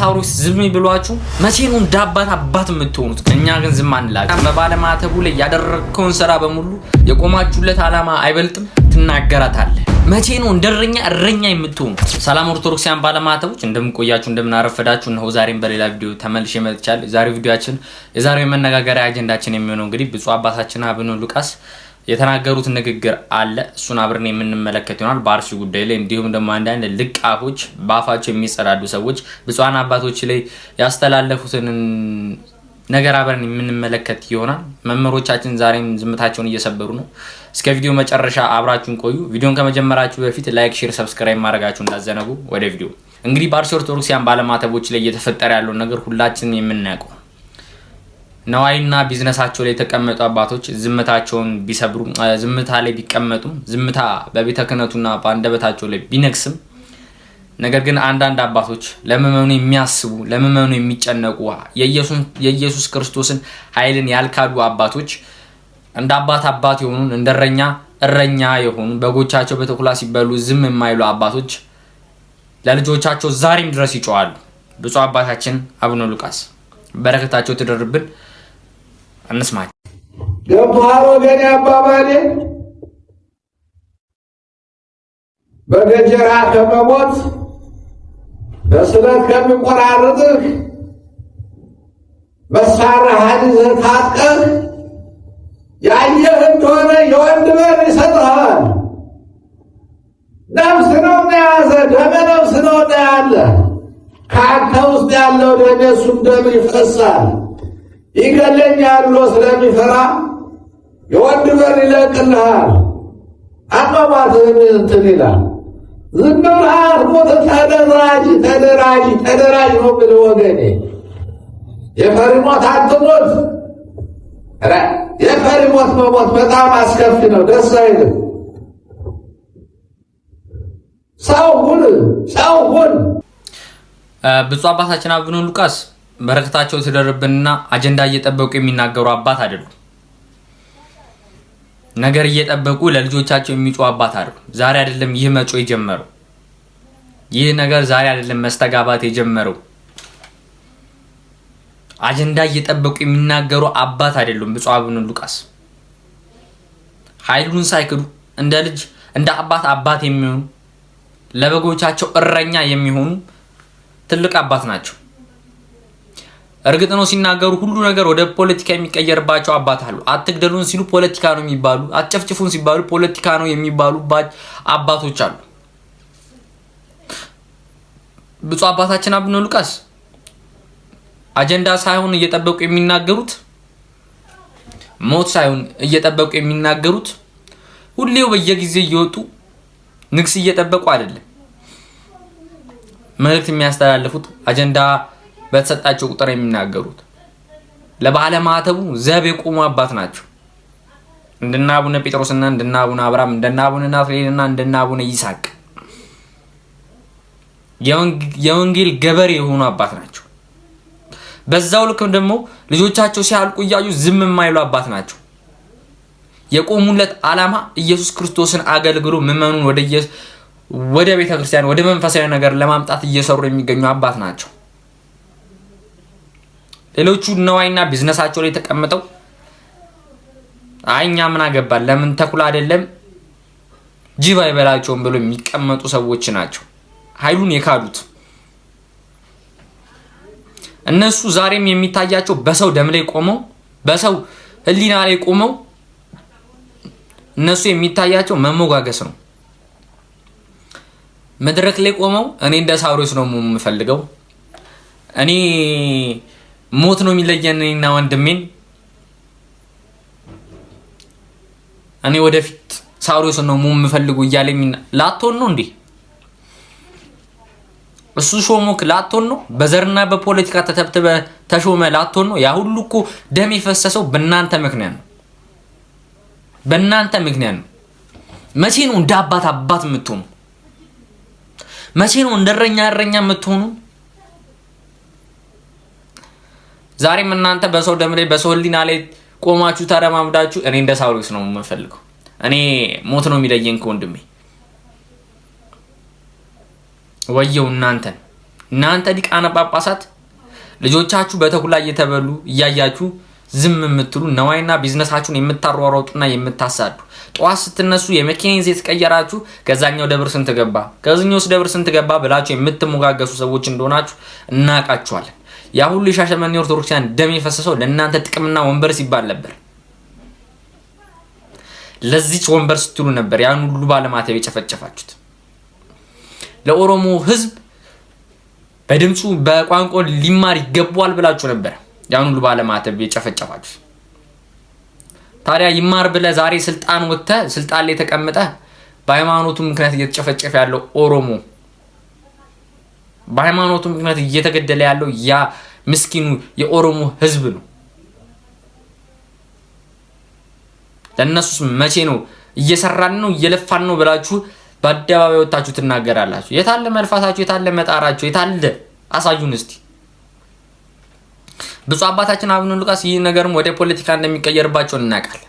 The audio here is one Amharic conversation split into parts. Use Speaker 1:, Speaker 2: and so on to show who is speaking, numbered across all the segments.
Speaker 1: ሳውሪስ ዝም ብሏችሁ መቼ ነው እንዳባት አባት የምትሆኑት? እኛ ግን ዝም አንላችሁ። በባለማተቡ ላይ ያደረግከውን ስራ በሙሉ የቆማችሁለት አላማ አይበልጥም፣ ትናገራታለህ። መቼ ነው እንደረኛ እረኛ የምትሆኑ? ሰላም ኦርቶዶክሳውያን ባለማተቦች እንደምንቆያችሁ እንደምናረፈዳችሁ፣ እነሆ ዛሬም በሌላ ቪዲዮ ተመልሼ መጥቻለሁ። የዛሬው ቪዲዮችን የዛሬው የመነጋገሪያ አጀንዳችን የሚሆነው እንግዲህ ብፁዕ አባታችን አቡነ ሉቃስ የተናገሩት ንግግር አለ። እሱን አብረን የምንመለከት ይሆናል። በአርሲ ጉዳይ ላይ እንዲሁም ደግሞ አንዳንድ ልቃፎች በአፋቸው የሚጸዳዱ ሰዎች ብፁዓን አባቶች ላይ ያስተላለፉትን ነገር አብረን የምንመለከት ይሆናል። መምህሮቻችን ዛሬም ዝምታቸውን እየሰበሩ ነው። እስከ ቪዲዮ መጨረሻ አብራችሁን ቆዩ። ቪዲዮን ከመጀመራችሁ በፊት ላይክ፣ ሼር፣ ሰብስክራይብ ማድረጋችሁ እንዳዘነጉ። ወደ ቪዲዮ እንግዲህ በአርሲ ኦርቶዶክሲያን ባለማተቦች ላይ እየተፈጠረ ያለውን ነገር ሁላችንም የምናውቀው ነዋይና ቢዝነሳቸው ላይ የተቀመጡ አባቶች ዝምታቸውን ቢሰብሩ ዝምታ ላይ ቢቀመጡም ዝምታ በቤተ ክህነቱና በአንደበታቸው ላይ ቢነግስም ነገር ግን አንዳንድ አባቶች ለምእመኑ የሚያስቡ ለምእመኑ የሚጨነቁ የኢየሱስ ክርስቶስን ኃይልን ያልካዱ አባቶች እንደ አባት አባት የሆኑን እንደ እረኛ እረኛ የሆኑ በጎቻቸው በተኩላ ሲበሉ ዝም የማይሉ አባቶች ለልጆቻቸው ዛሬም ድረስ ይጮዋሉ። ብፁዕ አባታችን አቡነ ሉቃስ በረከታቸው ትደርብን። እንስማቸው።
Speaker 2: ገብቶሃል ወገኔ? አባባሌ በገጀራ ከመሞት በስለት ከሚቆራርጥህ መሳሪያህን ይዘህ ታጥቀህ ያየህ እንደሆነ የወንድ በር ይሰጥሃል። ነፍስ ነው እንደያዘ ደመ ነፍስ ነው እንደያለ ከአንተ ውስጥ ያለው ደም እሱም ደም ይፈሳል። ይገለኛል ብሎ ስለሚፈራ የወንድ በር ይለቅልሃል፣ አቋማትህን እንትን ይላል። ዝም ብለህ አትሞት። ተደራጅ፣ ተደራጅ፣ ተደራጅ ነው ብል ወገኔ። የፈሪ ሞት አትሞት። የፈሪ ሞት መሞት በጣም አስከፊ ነው፣ ደስ አይልም። ሰው ሁን፣ ሰው ሁን። ብፁዕ አባታችን አቡነ ሉቃስ በረከታቸው ሲደርብንና አጀንዳ እየጠበቁ የሚናገሩ አባት አይደሉም። ነገር እየጠበቁ ለልጆቻቸው የሚጮህ አባት አይደሉም። ዛሬ አይደለም ይህ መጮ የጀመረው ይህ ነገር ዛሬ አይደለም መስተጋባት የጀመረው። አጀንዳ እየጠበቁ የሚናገሩ አባት አይደሉም። ብፁዕ አቡነ ሉቃስ ኃይሉን ሳይክዱ እንደ ልጅ እንደ አባት አባት የሚሆኑ ለበጎቻቸው እረኛ የሚሆኑ ትልቅ አባት ናቸው። እርግጥ ነው ሲናገሩ ሁሉ ነገር ወደ ፖለቲካ የሚቀየርባቸው አባት አሉ። አትግደሉን ሲሉ ፖለቲካ ነው የሚባሉ፣ አትጨፍጭፉን ሲባሉ ፖለቲካ ነው የሚባሉ አባቶች አሉ። ብፁ አባታችን አቡነ ሉቃስ አጀንዳ ሳይሆን እየጠበቁ የሚናገሩት ሞት ሳይሆን እየጠበቁ የሚናገሩት ሁሌው በየጊዜ እየወጡ ንግስ እየጠበቁ አይደለም መልእክት የሚያስተላልፉት አጀንዳ በተሰጣቸው ቁጥር የሚናገሩት ለባለ ዘብ የቆሙ አባት ናቸው። እንደና አቡነ ጴጥሮስና እንደና አቡነ አብርሃም እንደና አቡነ ናትናኤልና እንደና አቡነ ይስሐቅ የወንጌል ገበሬ የሆኑ አባት ናቸው። በዛው ልክ ደግሞ ልጆቻቸው ሲያልቁ እያዩ ዝም የማይሉ አባት ናቸው። የቆሙለት ዓላማ ኢየሱስ ክርስቶስን አገልግሎ ምዕመኑን ወደ ቤተ ክርስቲያን ወደ መንፈሳዊ ነገር ለማምጣት እየሰሩ የሚገኙ አባት ናቸው። ሌሎቹ ነዋይና ቢዝነሳቸው ላይ ተቀምጠው አይ ምን አገባል ለምን ተኩል አይደለም ጅብ አይበላቸውም ብሎ የሚቀመጡ ሰዎች ናቸው ኃይሉን የካዱት። እነሱ ዛሬም የሚታያቸው በሰው ደም ላይ ቆመው በሰው ህሊና ላይ ቆመው እነሱ የሚታያቸው መሞጋገስ ነው። መድረክ ላይ ቆመው እኔ እንደ ሳውሮስ ነው የምፈልገው እኔ ሞት ነው የሚለየን እና ወንድሜን። እኔ ወደፊት ሳውሪዎስን ነው ሙም የምፈልጉ እያለ የሚና ላቶን ነው እንዴ? እሱ ሾሞክ ላቶን ነው? በዘርና በፖለቲካ ተተብትበ ተሾመ ላቶን ነው? ያ ሁሉ እኮ ደም የፈሰሰው በእናንተ ምክንያት ነው። በእናንተ ምክንያት ነው። መቼ ነው እንደ አባት አባት የምትሆኑ? መቼ ነው እንደ እረኛ እረኛ የምትሆኑ? ዛሬም እናንተ በሰው ደም ላይ በሰው ህሊና ላይ ቆማችሁ ተረማምዳችሁ እኔ እንደ ሳውሪስ ነው የምፈልገው። እኔ ሞት ነው የሚለየን ከወንድሜ። ወየው እናንተን እናንተ ዲቃነ ጳጳሳት ልጆቻችሁ በተኩላ እየተበሉ እያያችሁ ዝም የምትሉ ነዋይና ቢዝነሳችሁን የምታሯሯጡና የምታሳዱ ጠዋት ስትነሱ የመኪናን ዜት ቀየራችሁ፣ ከዛኛው ደብር ስንት ገባ፣ ደብር ስንት ገባ ብላችሁ የምትሞጋገሱ ሰዎች እንደሆናችሁ እናውቃችኋለን። ያ ሁሉ የሻሸመኔ ኦርቶዶክሲያን ደም የፈሰሰው ለእናንተ ጥቅምና ወንበር ሲባል ነበር። ለዚች ወንበር ስትሉ ነበር ያን ሁሉ ባለማተብ የጨፈጨፋችሁት። ለኦሮሞ ህዝብ በድምፁ በቋንቋ ሊማር ይገባዋል ብላችሁ ነበር ያን ሁሉ ባለማተብ የጨፈጨፋችሁት። ታዲያ ይማር ብለ ዛሬ ስልጣን ወጥተ ስልጣን ላይ ተቀምጠህ በሃይማኖቱ ምክንያት እየተጨፈጨፈ ያለው ኦሮሞ በሃይማኖቱ ምክንያት እየተገደለ ያለው ያ ምስኪኑ የኦሮሞ ህዝብ ነው። ለእነሱስ መቼ ነው እየሰራን ነው እየለፋን ነው ብላችሁ በአደባባይ ወታችሁ ትናገራላችሁ? የታለ መልፋታችሁ? የታለ መጣራችሁ? የታለ አሳዩን እስቲ። ብፁዕ አባታችን አቡነ ሉቃስ ይህ ነገርም ወደ ፖለቲካ እንደሚቀየርባቸው እናውቃለን።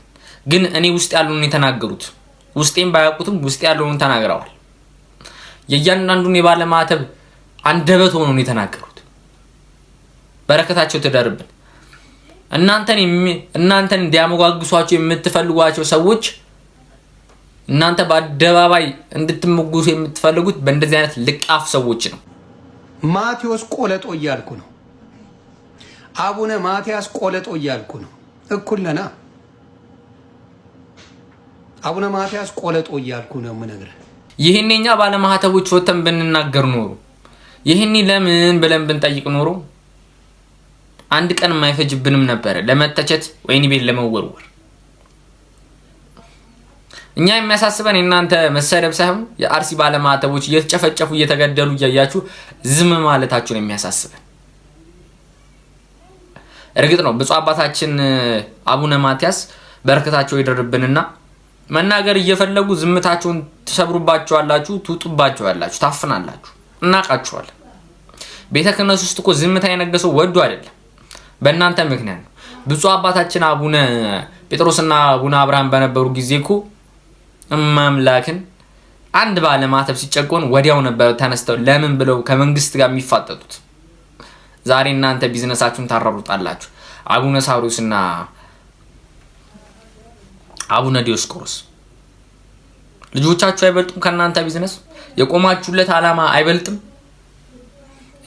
Speaker 2: ግን እኔ ውስጥ ያለውን የተናገሩት ውስጤም ባያውቁትም ውስጥ ያለውን ተናግረዋል። የእያንዳንዱን የባለማዕተብ አንደበት ሆኖ ነው የተናገሩት። በረከታቸው ትደርብን። እናንተን እናንተን እንዲያመጓግሷቸው የምትፈልጓቸው ሰዎች እናንተ በአደባባይ እንድትሞገሱ የምትፈልጉት በእንደዚህ አይነት ልቃፍ ሰዎች ነው። ማቴዎስ ቆለጦ እያልኩ ነው። አቡነ ማትያስ ቆለጦ እያልኩ ነው። እኩል ነና። አቡነ ማትያስ ቆለጦ እያልኩ ነው የምነግርህ። ይህን ባለማህተቦች ወተን ብንናገር ኖሩ ይህን ለምን ብለን ብንጠይቅ ኖሮ አንድ ቀን የማይፈጅብንም ነበረ ለመተቸት ወይኒ ቤት ለመወርወር። እኛ የሚያሳስበን የእናንተ መሰደብ ሳይሆን የአርሲ ባለማዕተቦች እየተጨፈጨፉ እየተገደሉ እያያችሁ ዝም ማለታችሁን የሚያሳስበን። እርግጥ ነው ብፁዕ አባታችን አቡነ ማትያስ በረከታቸው ይደርብንና መናገር እየፈለጉ ዝምታቸውን ትሰብሩባችኋላችሁ፣ ትውጡባችኋላችሁ፣ ታፍናላችሁ። እናቃችኋል። ቤተ ክህነት ውስጥ እኮ ዝምታ የነገሰው ወዱ አይደለም፣ በእናንተ ምክንያት ነው። ብፁዕ አባታችን አቡነ ጴጥሮስና አቡነ አብርሃም በነበሩ ጊዜ እኮ እማምላክን አንድ ባለማተብ ሲጨቆን ወዲያው ነበር ተነስተው ለምን ብለው ከመንግስት ጋር የሚፋጠጡት። ዛሬ እናንተ ቢዝነሳችሁን ታራሩጣላችሁ። አቡነ ሳዊሮስና አቡነ ዲዮስቆሮስ ልጆቻችሁ አይበልጡም ከእናንተ ቢዝነስ የቆማችሁለት ዓላማ አይበልጥም?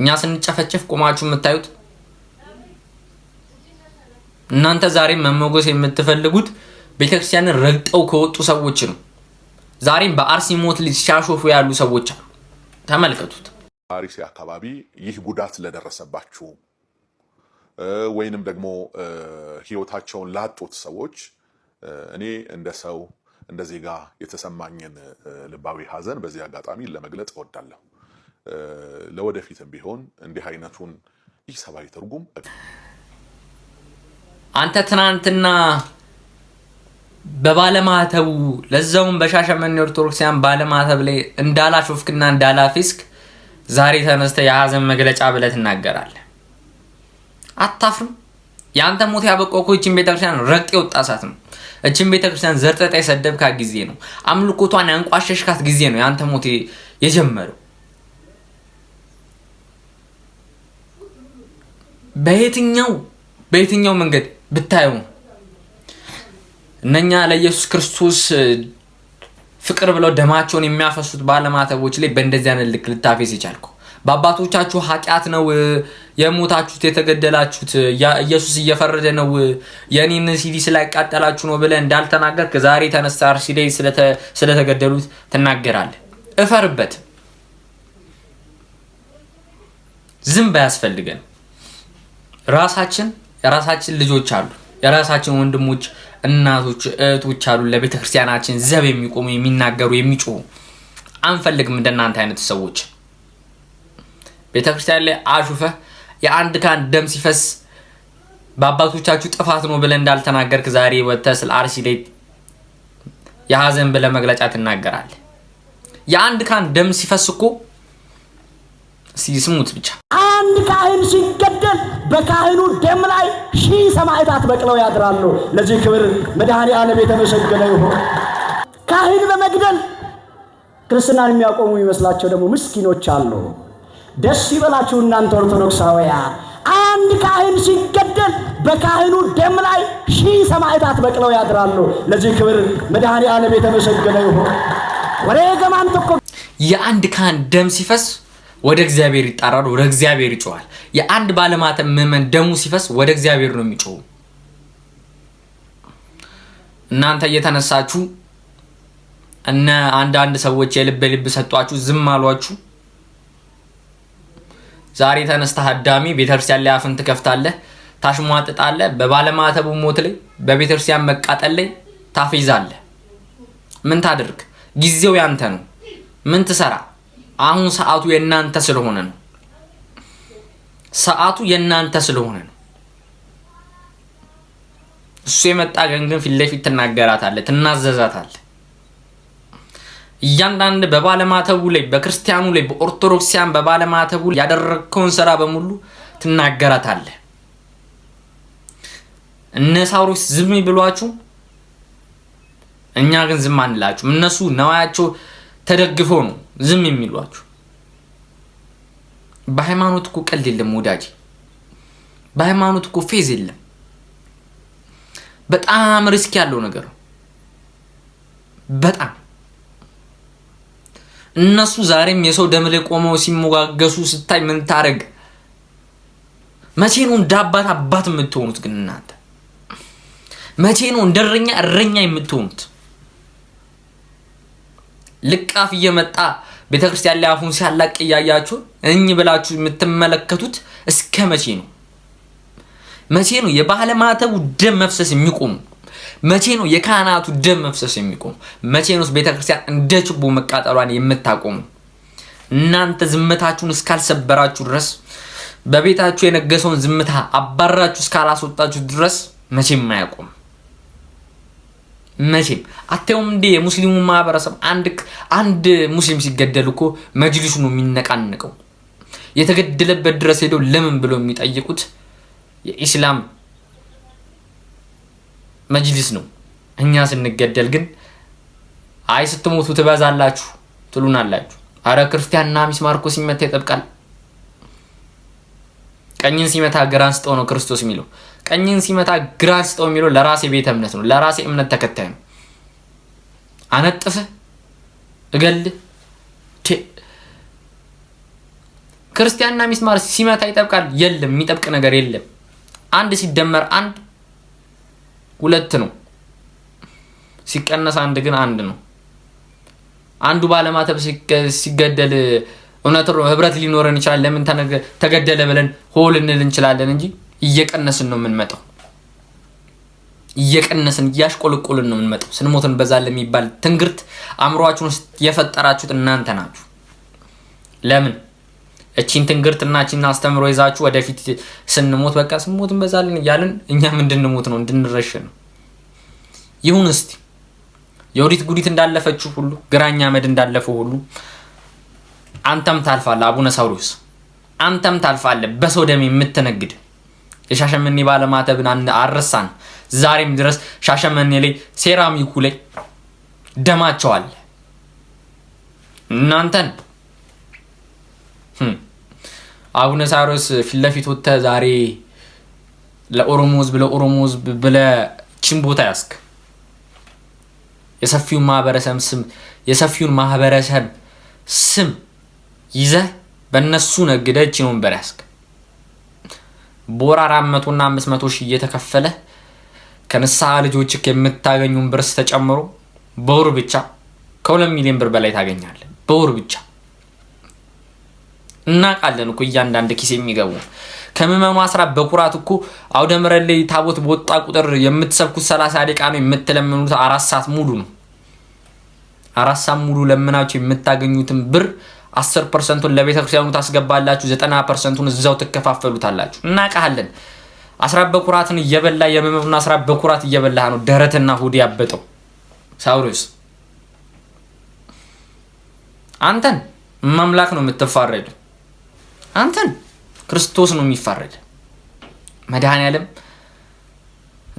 Speaker 2: እኛ ስንጨፈጨፍ ቆማችሁ የምታዩት እናንተ ዛሬም መሞገስ የምትፈልጉት ቤተክርስቲያንን ረግጠው ከወጡ ሰዎች ነው። ዛሬም በአርሲ ሞት ሲያሾፉ ያሉ ሰዎች አሉ። ተመልከቱት። አርሲ አካባቢ ይህ ጉዳት ለደረሰባችሁ ወይንም ደግሞ ሕይወታቸውን ላጡት ሰዎች እኔ እንደ ሰው እንደ ዜጋ የተሰማኝን ልባዊ ሐዘን በዚህ አጋጣሚ ለመግለጽ እወዳለሁ። ለወደፊትም ቢሆን እንዲህ አይነቱን ይህ ሰብአዊ ትርጉም አንተ ትናንትና በባለማህተቡ ለዛውም በሻሸመኔ ኦርቶዶክሲያን ባለማተብ ላይ እንዳላሾፍክና እንዳላፊስክ ዛሬ ተነስተ የሀዘን መግለጫ ብለህ ትናገራለህ። አታፍርም? የአንተ ሞት ያበቆኮችን ቤተክርስቲያን ረቅ የወጣ እሳት ነው። እችን ቤተክርስቲያን ዘርጠጣ የሰደብካት ጊዜ ነው። አምልኮቷን ያንቋሸሽካት ጊዜ ነው የአንተ ሞት የጀመረው። በየትኛው በየትኛው መንገድ ብታየው እነኛ ለኢየሱስ ክርስቶስ ፍቅር ብለው ደማቸውን የሚያፈሱት ባለማተቦች ላይ በእንደዚህ አይነት ልክ ልታፌስ ይቻልኩ በአባቶቻችሁ ኃጢአት ነው የሞታችሁት የተገደላችሁት፣ ኢየሱስ እየፈረደ ነው፣ የኔን ሲዲ ስላይቃጠላችሁ ነው ብለህ እንዳልተናገርክ ዛሬ ተነሳ አርሲዴ ስለተገደሉት ትናገራለህ። እፈርበት። ዝም ባያስፈልገን ራሳችን የራሳችን ልጆች አሉ፣ የራሳችን ወንድሞች፣ እናቶች፣ እህቶች አሉ። ለቤተክርስቲያናችን ዘብ የሚቆሙ የሚናገሩ፣ የሚጮሁ አንፈልግም እንደናንተ አይነት ሰዎች ቤተ ክርስቲያን ላይ አሹፈህ የአንድ ካህን ደም ሲፈስ በአባቶቻችሁ ጥፋት ነው ብለህ እንዳልተናገርክ ዛሬ ወጥተህ ስለ አርሲ ላይ የሀዘን ብለህ መግለጫ ትናገራለህ። የአንድ ካህን ደም ሲፈስ እኮ ሲስሙት ብቻ አንድ ካህን ሲገደል በካህኑ ደም ላይ ሺህ ሰማዕታት በቅለው ያድራሉ። ለዚህ ክብር መድኃኔ የተመሰገነ ይሁን። ካህን በመግደል ክርስትናን የሚያቆሙ የሚመስላቸው ደግሞ ምስኪኖች አሉ። ደስ ይበላችሁ እናንተ ኦርቶዶክሳውያን። አንድ ካህን ሲገደል በካህኑ ደም ላይ ሺህ ሰማዕታት በቅለው ያድራሉ። ለዚህ ክብር መድኃኔ ዓለም የተመሰገነ ይሁን። ወሬ ገማንት እኮ የአንድ ካህን ደም ሲፈስ ወደ እግዚአብሔር ይጣራል፣ ወደ እግዚአብሔር ይጮዋል። የአንድ ባለማተብ ምዕመን ደሙ ሲፈስ ወደ እግዚአብሔር ነው የሚጮው። እናንተ እየተነሳችሁ እነ አንዳንድ ሰዎች የልብ ልብ ሰጧችሁ፣ ዝም አሏችሁ። ዛሬ ተነስተህ አዳሚ ቤተክርስቲያን ላይ አፍን ትከፍታለህ፣ ታሽሟጥጣለህ፣ በባለማተቡ ሞት ላይ በቤተክርስቲያን መቃጠል ላይ ታፌዛለህ። ምን ታደርግ? ጊዜው ያንተ ነው። ምን ትሰራ? አሁን ሰዓቱ የእናንተ ስለሆነ ነው። ሰዓቱ የእናንተ ስለሆነ ነው። እሱ የመጣ ቀን ግን ፊት ለፊት ትናገራታለህ፣ ትናዘዛታለህ። እያንዳንድ በባለማተቡ ላይ በክርስቲያኑ ላይ በኦርቶዶክሲያን በባለማተቡ ላይ ያደረግከውን ስራ በሙሉ ትናገራታለህ። እነ ሳውሮስ ዝም ብሏችሁ፣ እኛ ግን ዝም አንላችሁም። እነሱ ነዋያቸው ተደግፎ ነው ዝም የሚሏችሁ። በሃይማኖት እኮ ቀልድ የለም ወዳጅ፣ በሃይማኖት እኮ ፌዝ የለም። በጣም ሪስክ ያለው ነገር ነው በጣም እነሱ ዛሬም የሰው ደም ላይ ቆመው ሲሞጋገሱ ስታይ ምን ታደርግ? መቼ ነው እንደ አባት አባት የምትሆኑት? ግን እናንተ መቼ ነው እንደ እረኛ እረኛ የምትሆኑት? ልቃፍ እየመጣ ቤተ ክርስቲያን ላይ አፉን ሲያላቅ እያያችሁ እኝ ብላችሁ የምትመለከቱት እስከ መቼ ነው? መቼ ነው የባህለ ማተቡ ደም መፍሰስ የሚቆሙ መቼ ነው የካህናቱ ደም መፍሰስ የሚቆሙ? መቼ ነው ቤተክርስቲያን እንደ ችቦ መቃጠሏን የምታቆሙ? እናንተ ዝምታችሁን እስካልሰበራችሁ ድረስ በቤታችሁ የነገሰውን ዝምታ አባራችሁ እስካላስወጣችሁ ድረስ መቼም አያቆም። መቼም አታዩም እንዴ? የሙስሊሙ ማህበረሰብ አንድ ሙስሊም ሲገደል እኮ መጅሊሱ ነው የሚነቃንቀው። የተገደለበት ድረስ ሄደው ለምን ብለው የሚጠይቁት የኢስላም መጅሊስ ነው። እኛ ስንገደል ግን አይ ስትሞቱ ትበዛላችሁ ትሉናላችሁ። አረ ክርስቲያንና ሚስማር እኮ ሲመታ ይጠብቃል። ቀኝን ሲመታ ግራን ስጠው ነው ክርስቶስ የሚለው። ቀኝን ሲመታ ግራን ስጠው የሚለው ለራሴ ቤተ እምነት ነው፣ ለራሴ እምነት ተከታይ ነው። አነጥፍ እገል ክርስቲያንና ሚስማር ሲመታ ይጠብቃል። የለም የሚጠብቅ ነገር የለም። አንድ ሲደመር አንድ ሁለት ነው። ሲቀነስ አንድ ግን አንድ ነው። አንዱ ባለማተብ ሲገደል እውነት ህብረት ሊኖረን ይችላል። ለምን ተገደለ ብለን ሆል ልንል እንችላለን እንጂ እየቀነስን ነው የምንመጣው። እየቀነስን እያሽቆለቆልን ነው የምንመጣው። ስንሞት እንበዛለን የሚባል ትንግርት አእምሯችሁን ውስጥ የፈጠራችሁት እናንተ ናችሁ። ለምን እቺን ትንግርትና እቺን አስተምሮ ይዛችሁ ወደፊት ስንሞት በቃ ስንሞት እንበዛለን እያልን እኛም እንድንሞት ነው እንድንረሽ ነው። ይሁን እስቲ የወዲት ጉዲት እንዳለፈችው ሁሉ ግራኛ መድ እንዳለፈው ሁሉ አንተም ታልፋለህ። አቡነ ሳውሪዮስ አንተም ታልፋለህ። በሰው ደም የምትነግድ የሻሸመኔ ባለማተብን አረሳን። ዛሬም ድረስ ሻሸመኔ ላይ ሴራሚኩ ላይ ደማቸዋል እናንተን አቡነ ሳዊሮስ ፊት ለፊት ወጥተህ ዛሬ ለኦሮሞ ህዝብ ለኦሮሞ ህዝብ ብለህ ችን ቦታ ያስክ የሰፊውን ማህበረሰብ ስም የሰፊውን ማህበረሰብ ስም ይዘ በእነሱ ነግደ ችን ወንበር ያስክ በወር አራት መቶና አምስት መቶ ሺህ እየተከፈለ ከንስሐ ልጆችክ የምታገኙን ብርስ ተጨምሮ በወር ብቻ ከሁለት ሚሊዮን ብር በላይ ታገኛለህ በወር ብቻ እናቃለን እኮ እያንዳንድ ኪስ የሚገቡ ከምዕመኑ አስራ በኩራት እኮ አውደ ላይ ታቦት በወጣ ቁጥር የምትሰብኩት ሰላሳ ደቂቃ ነው። የምትለምኑት አራት ሰዓት ሙሉ ነው። አራት ሰዓት ሙሉ ለምናችሁ የምታገኙትን ብር አስር ፐርሰንቱን ለቤተ ክርስቲያኑ ታስገባላችሁ። ዘጠና ፐርሰንቱን እዛው ትከፋፈሉታላችሁ። እናቃለን። አስራ በኩራትን እየበላ የምዕመኑን አስራ በኩራት እየበላ ነው ደረትና ሆድ ያበጠው ሳውሪስ አንተን ማምላክ ነው የምትፋረዱ። አንተን ክርስቶስ ነው የሚፋረድ። መድኃኔዓለም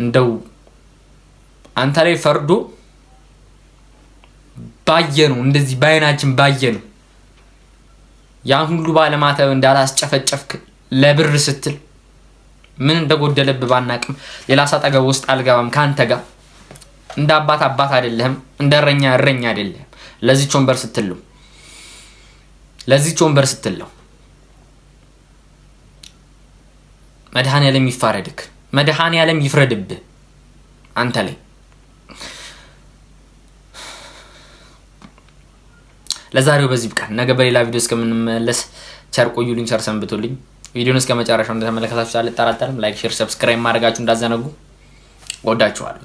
Speaker 2: እንደው አንተ ላይ ፈርዶ ባየ ነው እንደዚህ በአይናችን ባየ ነው። ያን ሁሉ ባለማተብ እንዳላስጨፈጨፍክ ለብር ስትል ምን እንደጎደለብ ባናቅም ሌላ ሳጠገብ ውስጥ አልገባም ከአንተ ጋር እንደ አባት አባት አይደለህም፣ እንደ እረኛ እረኛ አይደለህም። ለዚች ወንበር ስትለው ለዚች ወንበር ስትለው ያለም ይፋረድክ። ያለም ይፍረድብህ አንተ ላይ። ለዛሬው በዚህ ብቃ። ነገ በሌላ ቪዲዮ እስከምንመለስ ቸር ቆዩልኝ፣ ቸር ሰንብቱልኝ። ቪዲዮን እስከ መጨረሻው እንደተመለከታችሁ አልጠራጠርም። ላይክ፣ ሼር፣ ሰብስክራይብ ማድረጋችሁ እንዳዘነጉ። ወዳችኋለሁ።